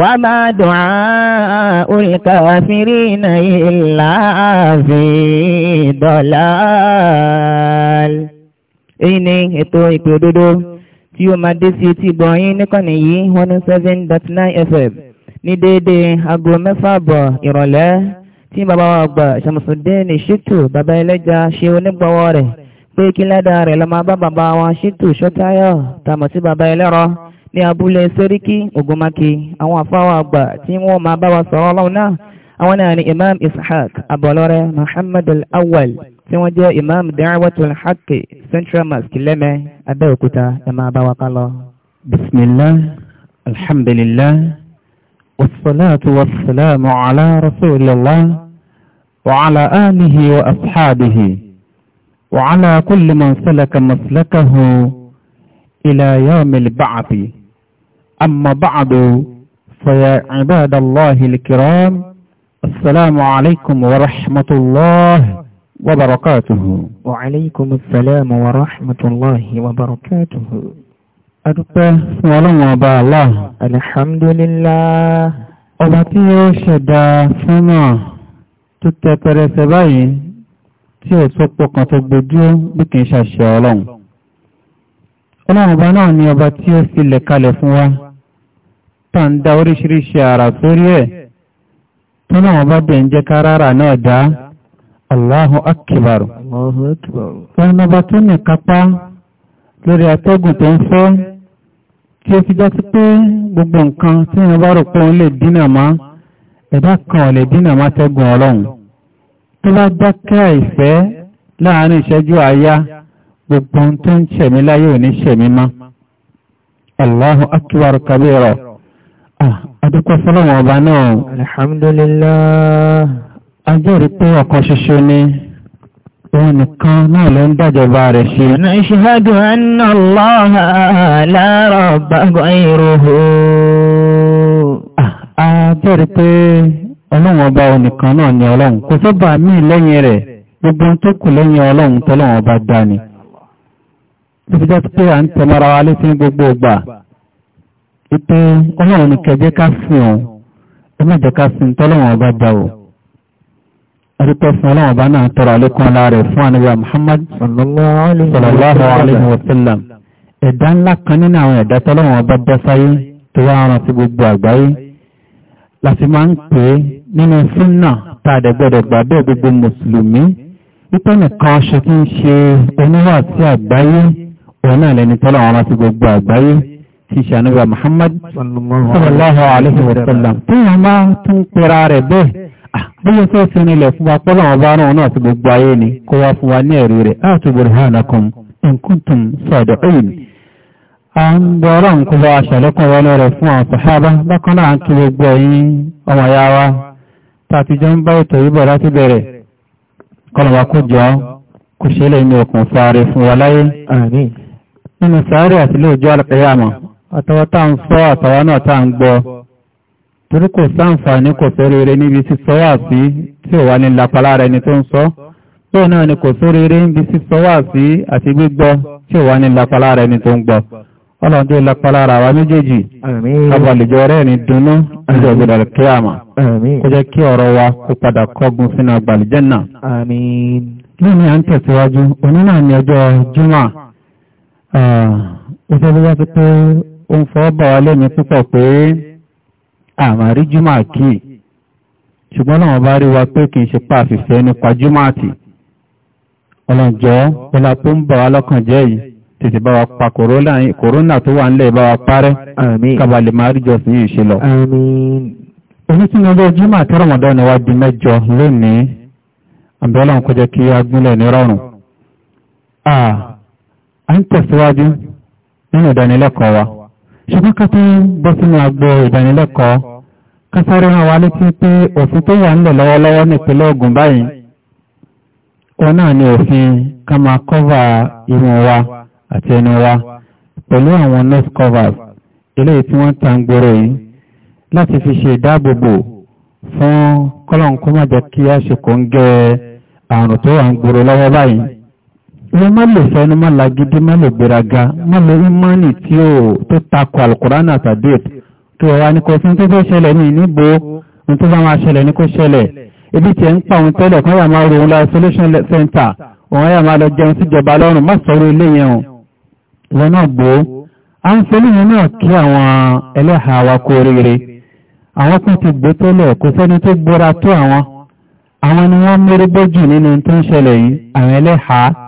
wà máa dùn á olùkàfírínà ìlà àfi dọ̀là. èyí ni ètò ìpè òdodo tí ó máa dé sí etí gbọ̀nyìn níkànnì yìí one oh seven dot nine fm ní déédéé aago mẹ́fà bọ̀ ìrọ̀lẹ́ tí bàbá wa gbà Ṣàmùsùdíìnì Ṣítù bàbá ẹlẹ́jà ṣe onígbọ̀wọ́ rẹ̀ pé kí lẹ́dàá rẹ̀ lọ máa bá bàbá wa Ṣítù Ṣótáyọ̀ tàmọ̀ sí bàbá ẹlẹ́rọ ní abúlé sẹ́ríkí ogunmáke àwọn àfáwà àgbà tí wọ́n máa bá wa sọ̀rọ̀ ọlọ́run náà àwọn náà ni imam ishaq abọ̀lọ́rẹ́ muhammad al-awwal tí wọ́n jẹ́ imam da'watul haqq central mosque lẹ́mẹ́ abẹ́òkúta ẹ máa bá wa ká lọ. bismillah alhamdulillah wasalaatu wasalaamu ala rasulillah wa ala alihi أما بعد فيا عباد الله الكرام السلام عليكم ورحمة الله وبركاته وعليكم السلام ورحمة الله وبركاته أدوبة ولم وبا الله الحمد لله أبطي شدا فما تتترى سبعين tí ó tó pọkàn tó gbójú bí kìí ṣàṣẹ ọlọ́run ọlọ́run ọba náà ni ọba tí ó fi kalẹ̀ fún wa tàn dá oríṣiríṣi àrà sórí ẹ̀ tó náà bá bẹ̀ ń jẹ́ kárárà náà dá Allahu Akbar ọ̀nà bá tó ní kápá lórí atẹ́gùn tó ń fẹ́ tí ó fi já sí pé gbogbo nǹkan tí wọ́n bá rò pé òun lè dínà ẹ̀dá kan ò lè tẹ́gùn ọlọ́run tó bá dákẹ́ àìfẹ́ láàárín ìṣẹ́jú àáyá gbogbo ohun tó ń ṣẹ̀mí láyé ò ṣẹ̀mí má Allahu Akbar kabira Adúpẹ́ fọ́lọ́wọ̀n ọba náà. Alhamdulillah. Ajẹ́rìí pé ọ̀kan ṣoṣo ni òun nìkan náà ló ń dájọba rẹ̀ ṣe. Nashhadu anna Allaha la rabba ghayruhu. Ajẹ́rìí pé ọlọ́run ọba òun nìkan ìpé ọlọ́run ní kẹjẹ́ ká sìn ọ́n ẹ má jẹ́ ká sìn tọ́lọ́run ọba já o adúpẹ́ fún ọlọ́run ọba náà tọrọ àlékún ọlá rẹ̀ fún àníwá Muhammad sallallahu alayhi wa sallam ẹ̀dá ńlá kan nínú àwọn ẹ̀dá tọ́lọ́run ọba bẹ́ sáyé tó wá ọ̀ràn sí gbogbo àgbáyé láti máa ń pè é nínú súnà tá a dẹ̀gbẹ̀dẹ̀ gbàgbé gbogbo mùsùlùmí wípé nìkan ṣe kí ń ṣe oníwà sí àgbáyé òun náà lẹni tọ́lọ́run ọba sí gbogbo àgbáyé ti ṣànúwà Muhammad sallallahu alaihi wa sallam tí wọ́n máa tún pẹ̀ra rẹ̀ bẹ́ẹ̀ bóyá tó ti rinlẹ̀ fún wa pọ́lọ̀ ọba náà náà ti gbogbo ayé ni kó wá fún wa ní ẹ̀rí rẹ̀ atu burhanakum in kuntum sadiqin a ń gbọ́rọ̀ ń kó aṣàlẹ́kùn wọlé rẹ̀ fún àwọn sàhábà bákan náà kí gbogbo ẹ̀yin ọmọ àtàwọn tá ń sọ àtàwọn náà tá ń gbọ́ torí kò sáǹfààní kò sóríire níbi sísọ wà sí tí ò wá ní lápalá rẹ ni tó ń sọ tó náà ni kò sóríire níbi sísọ wà sí àti gbígbọ́ tí ò wá ní lápalá rẹ ni tó ń gbọ́ ọlọ́dé lápalá ara wa méjèèjì abàlèjọ rẹ̀ ní dúnú ẹjọ́ a kíyàmà kó jẹ́ kí ọ̀rọ̀ wa kó padà kọ́gun sínú àgbàlìjẹ́ náà lónìí à ń tẹ̀síwájú onínà ní ọjọ́ Jímọ̀ ó ń fọ́ bọ̀ wá lẹ́ni púpọ̀ pé àmàrí jùmọ̀ kí ṣùgbọ́n náà bá rí wa pé kì í ṣe pàfìfẹ́ nípa jùmọ̀ àti ọlọ́njọ́ ọlá tó ń bọ̀ wá lọ́kàn jẹ́ yìí tètè bá wa pa kòrónà tó wà nílẹ̀ bá wa parẹ́ kábàlì máa rí jọsìn yìí ṣe lọ. èyí jùmọ̀ àti rọ̀mọ̀dọ́ ni wá di mẹ́jọ lónìí àbẹ́lọ́n kọjá kí tẹ̀síwájú nínú ìdánilẹ́kọ̀ọ́ wa ṣùgbọ́n ká tó bọ́ sínú àgbo ìdánilẹ́kọ̀ọ́ ká sáré hàn wá létí pé òfin tó wà nílẹ̀ lọ́wọ́lọ́wọ́ nípínlẹ̀ Ògùn báyìí wọn náà ni òfin ká máa kọ́va irun wa àti ẹnu wa pẹ̀lú àwọn nose covers eléyìí tí wọ́n ta ń gbòòrò yìí láti fi ṣe ìdáàbòbò fún kọ́lọ̀ǹkó má jẹ́ kí a ṣe kò ń gẹ àrùn tó wà ń gbòòrò lọ́wọ́ báyìí wọ́n má lè fẹ́ ní má lagidi má lè gbéraga má lè ìmánì tí ó tó takò alkùránà àtàdéèt tó wà ní kò sí tó fẹ́ ṣẹlẹ̀ ní níbo ní tó bá máa ṣẹlẹ̀ ní kò ṣẹlẹ̀ ibi tí ẹ ń pa òun tẹ́lẹ̀ kan wà máa ro òun la solution center òun yà máa lọ jẹun síjọba lọ́rùn má sọ̀rọ̀ ilé yẹn o wọn náà gbó a ń fẹ́lẹ̀ yẹn náà kí àwọn ẹlẹ́hà wa kó rere àwọn kan ti gbé tẹ́lẹ̀ kò sẹ́ni tó gbóra tó àwọn àwọn ni wọ́n mérí bójú nínú tó ń ṣẹlẹ̀ yìí àwọn ẹlẹ́hàá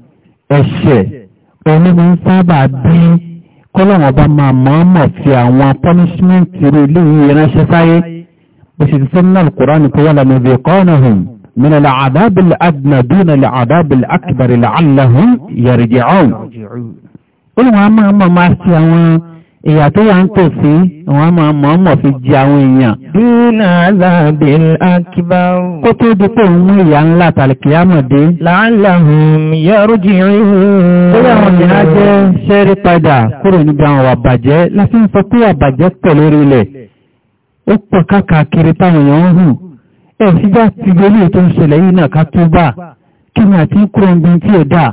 ẹ̀ṣẹ̀ onímọ̀ ń sábà bí kọ́lọ̀wọ̀n bá máa mọ́ọ̀mọ̀ fi àwọn punishment rẹ̀ léyìn ìránṣẹ́ sáyé bó ṣe ti sọ nínú Al-Qur'an kó wà lánà bí kọ́nàhùn من العذاب الأدنى دون العذاب الأكبر لعلهم máa máa máa ṣe àwọn ìyà tó wà ń tò sí àwọn àmà mọ́mọ̀ fi jẹ àwọn èèyàn. dúnà àzàbí akíbáwò. kó tó dípò ń mú ìyà ńlá tàlìkìyàmọ̀dé. láàlàhùn yọrù jìnrìn. lórí àwọn ìyá jẹ́ ṣẹ́rí padà kúrò níbi àwọn àbàjẹ́ láti ń sọ pé àbàjẹ́ pọ̀ lórí ilẹ̀. ó pọ̀ káàkiri táwọn èèyàn ń hù. ẹ síjá ti gbélé tó ń ṣẹlẹ̀ yìí náà ká tó bá kí ni àti kúrò ń bí tí ò dáa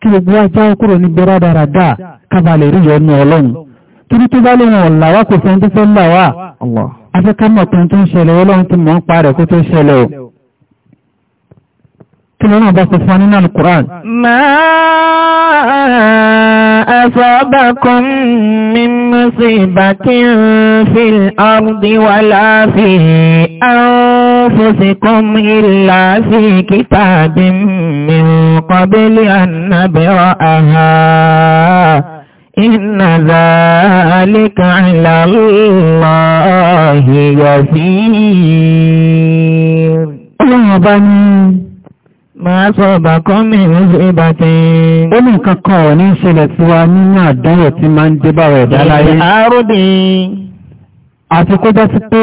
kí gbogbo ajá kúrò níbi rádaràdà kábàlẹ̀ rí yọnu ọlọ́run torí tó bá lè wọn ọ̀làwà kò fẹ́ tó fẹ́ làwà afẹ́ká mọ̀kún tó ń ṣẹlẹ̀ ọlọ́run ti mọ̀ ń pa rẹ̀ kó tó ṣẹlẹ̀ o kí lọ́nà bá sọ fún nínú alukuran. máa asabakum min musibatin fil ardi wala fi anfusikum Inna zalika ala Allahi yasir. Ọlọ́run ọba ní máa sọ ọba kan mìíràn sí ìbátẹ́. Ó ní nǹkan kan ọ̀ ní ìṣẹ̀lẹ̀ tí wa nínú àdánwò tí máa ń débà rẹ̀ dáláyé. Àrùdín. Àti kó jẹ́ sí pé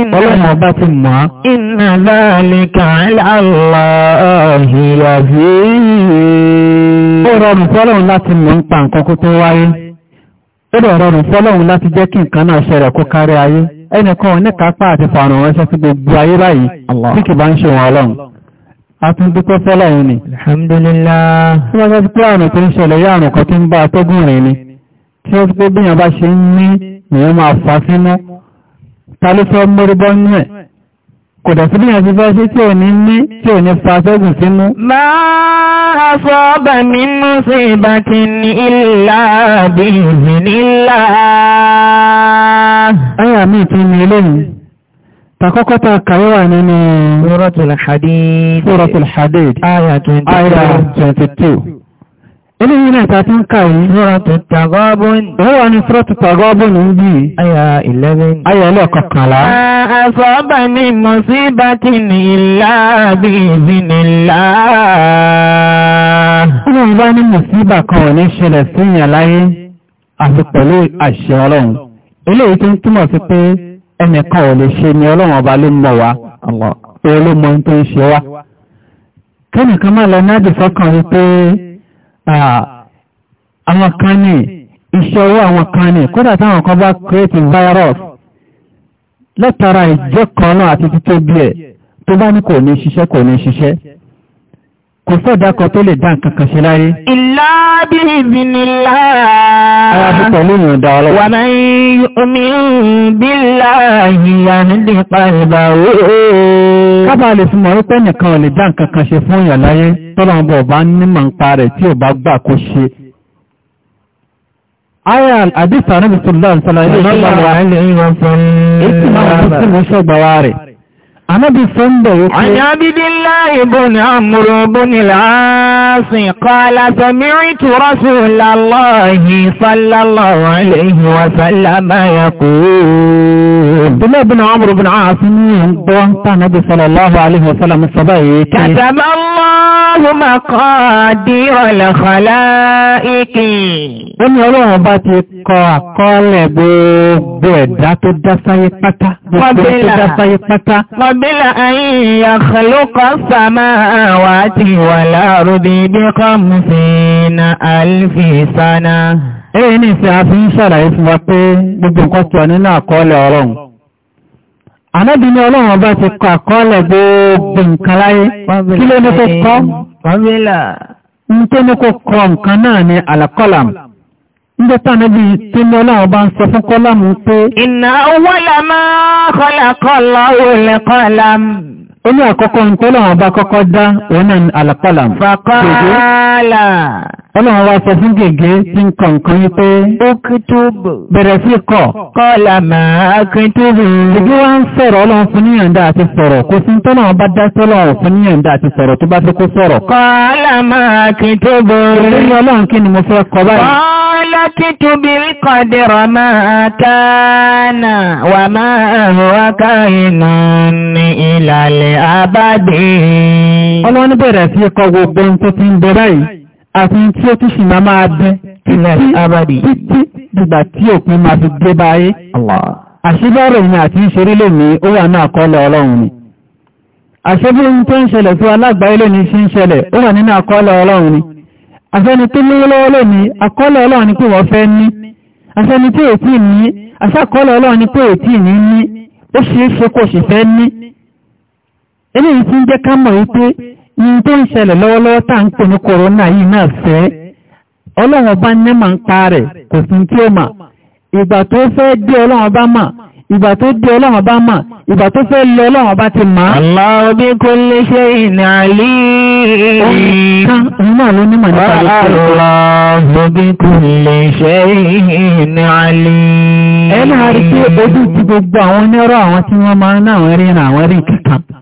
Ọlọ́run ọba ti mọ̀ á. Inna dhalika ala Allahi azim. Ó rọrùn fọ́lọ́run láti mọ̀ ń pa nǹkan kó tó wáyé. Ó dẹ̀ rọrùn fọ́lọ́run láti jẹ́ kí nǹkan náà ṣẹlẹ̀ kó kárí ayé. Ẹnìkan ní kápá àti fàrùn ránṣẹ́ sí gbogbo ayé báyìí tí kì bá ń ṣe wọn ọlọ́run. A ta ló fẹ́ mọ́rúbọ́ nú ẹ̀ kò dẹ̀ síbí yẹn fẹ́ sí tí ò ní ní tí ò ní fa sẹ́gùn sínú. máa sọ ọbẹ̀ nínú sí ìbákí ní ìlà bí ìzì nílà. ẹ̀yà mi tún ní eléyìí takọ́kọ́ ta kàwé nínú. suratul hadid. suratul hadid. aya twenty two eléyìí náà ta tún ká yìí lọ́ra tó tàgọ́bùn wọ́n wà ní sọ́tù tàgọ́bùn ní bí ayà 11 ayà ilẹ̀ kọkànlá àṣọ́bà ní mọ̀síbà tí ní ìlàábí ìzìnìlá ọmọ ìbá ní mọ̀síbà kan ò ní ṣẹlẹ̀ síyàn láyé àti pẹ̀lú àṣẹ ọlọ́run eléyìí tó ń sí pé ẹnìkan àwọn kan ní ìṣòro àwọn kan ní kódà táwọn kan bá create virus látara ìjẹ́kọ̀ọ́nà àti títóbi ẹ̀ tó bá ní kò ní ṣiṣẹ́ kò ní ṣiṣẹ́ kò sọ́dá kan tó lè dá nǹkan kan ṣe láyé. ìlà bí ìbínilá. ara fi pẹ̀lú ìyàn dá ọlọ́wọ́. wà máa ń omi bílà ìyà nílé pàrìbà ooo. kábà fún ìyàn láyé tọ́lọ́run bọ̀ bá nímọ̀ rẹ̀ Anábì sọ ń bẹ̀ wípé. Ọ̀nà bídílá ìbò ni a múrò bó ni láàásìn kọ́lá sọmírí tó rọ́sù lálọ́ọ̀hì sálálọ́wọ́ aléhì wa sálámà ya kú. Bílá ìbò ni Amúrò bí ni a ní ìgbọ́ tánàbí sọlọ́lọ́wọ́ aléhì wa sálámà Allahu maqadir al-khalaiq. Ó ní ọlọ́run bá ti kọ àkọọ́lẹ̀ gbogbo ẹ̀dá tó dá sáyé pátá. Gbogbo ẹ̀dá tó dá sáyé pátá. Qabla an yakhluqa as-samawati wal-ardi bi khamsina alfi sana. Èyí ni fún wa pé gbogbo nǹkan tó wà nínú àkọọ́lẹ̀ ọlọ́run. Ànábì ní ọlọ́run ọba ti kọ àkọọ́lẹ̀ gbogbo nǹkan láyé, kí ló ní kó kọ́? N tó ní kó kọ nǹkan náà ni àlàkọ́làm. Ndé tànábì tí ní ọlọ́run ọba ń sọ fún kọ́làmù pé. Inna awwala ma khalaqa Allahu ó ní àkọ́kọ́ ń tọ́lọ̀ wọn bá kọ́kọ́ dá òun náà àlàpàlà fàkọ́lá ọlọ́wọ́n wá sọ fún gègé tí ń kọ nǹkan yí pé ókútúbù bẹ̀rẹ̀ sí kọ kọ́lá máa kútúbù gègé wá ń sọ̀rọ̀ ọlọ́wọ́n fún níyànjá àti sọ̀rọ̀ kò sí tọ́lọ̀ wọn bá dá tọ́lọ̀wọ̀n fún níyànjá àti sọ̀rọ̀ tó bá fi kó sọ̀rọ̀ kọ́lá máa kí ni mo fẹ́ ما كان وما هو كائن إلى àbádìn. Ọlọ́run bẹ̀rẹ̀ sí kọ gbogbo ohun tó ti ń bẹ báyìí, àti tí ó tún sì máa máa bẹ títí dìgbà tí òpin máa fi dé báyé. Àṣíbọ̀rọ̀ ni àti ìṣeré lónìí ó wà náà kọ́ lọ ọlọ́run ni. Àṣébí ohun tó ń ṣẹlẹ̀ tó alágbàáyé lónìí sí ń ṣẹlẹ̀ ó wà nínú àkọọ́lẹ̀ ọlọ́run ni. Àfẹ́ni tó lówó lọ́wọ́ lónìí, àkọọ́lẹ̀ ọlọ́run ni pé wọ́n fẹ́ ní. Àfẹ́ni tí ètí ní, àṣàkọọ́lẹ̀ ọlọ́run ni pé ètí ní ní, ó ṣeé ṣe kò sì fẹ́ ní. eléyìí tí ń jẹ́ ká mọ̀ wípé yìí tó ń ṣẹlẹ̀ lọ́wọ́lọ́wọ́ tá ń pè ní kòrónà yìí náà fẹ́ ọlọ́run bá ní mà ń pa rẹ̀ kò sí tí ó mà ìgbà tó fẹ́ dé ọlọ́run mà ìgbà tó dé ọlọ́run mà ìgbà tó fẹ́ lọ ọlọ́run ti mà. Allahu bi ṣe.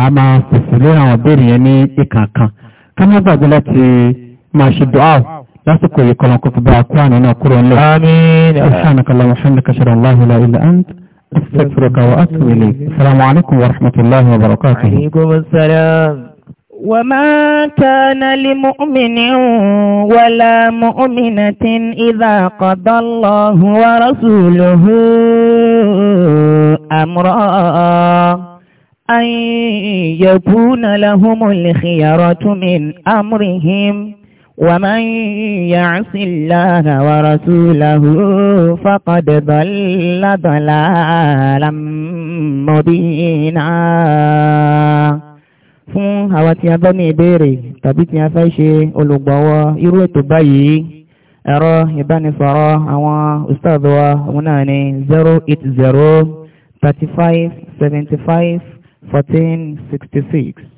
a máa pèsè lórí àwọn ìbéèrè yẹn ní ìkànkan ká má gbàgbé láti máa ṣe dùá lásìkò yìí kọlọ̀ kó fi bá kó àná náà kúrò ńlẹ̀. àmín. subhanakallahumma wa hamdaka ashhadu an la ilaha illa anta استغفرك واتوب اليك السلام عليكم ورحمه الله وبركاته وعليكم السلام وما كان لمؤمن ولا مؤمنة إذا قضى الله ورسوله أمرا أن يكون لهم الخيرة من أمرهم ومن يعص الله ورسوله فقد ضل ضلالا مبينا fún àwọn tí a bá ní ìbéèrè tàbí tí a fẹ́ ṣe olùgbọ̀wọ́ irú ètò báyìí ẹ̀rọ ìbánisọ̀rọ̀ àwọn ustaz òun náà ni 080 35 75 1466